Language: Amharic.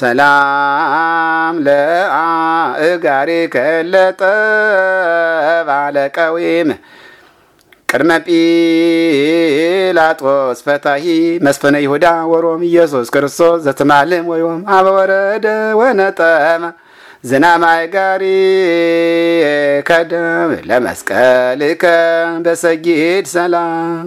ሰላም ለአእጋሪ ከለጠብ አለቀዊም ቅድመ ጲላጦስ ፈታሂ መስፈነ ይሁዳ ወሮም ኢየሱስ ክርስቶስ ዘትማልም ወዮም አበወረደ ወነጠመ ዝናማይ ጋሪ ከደም ለመስቀልከ በሰጊድ ሰላም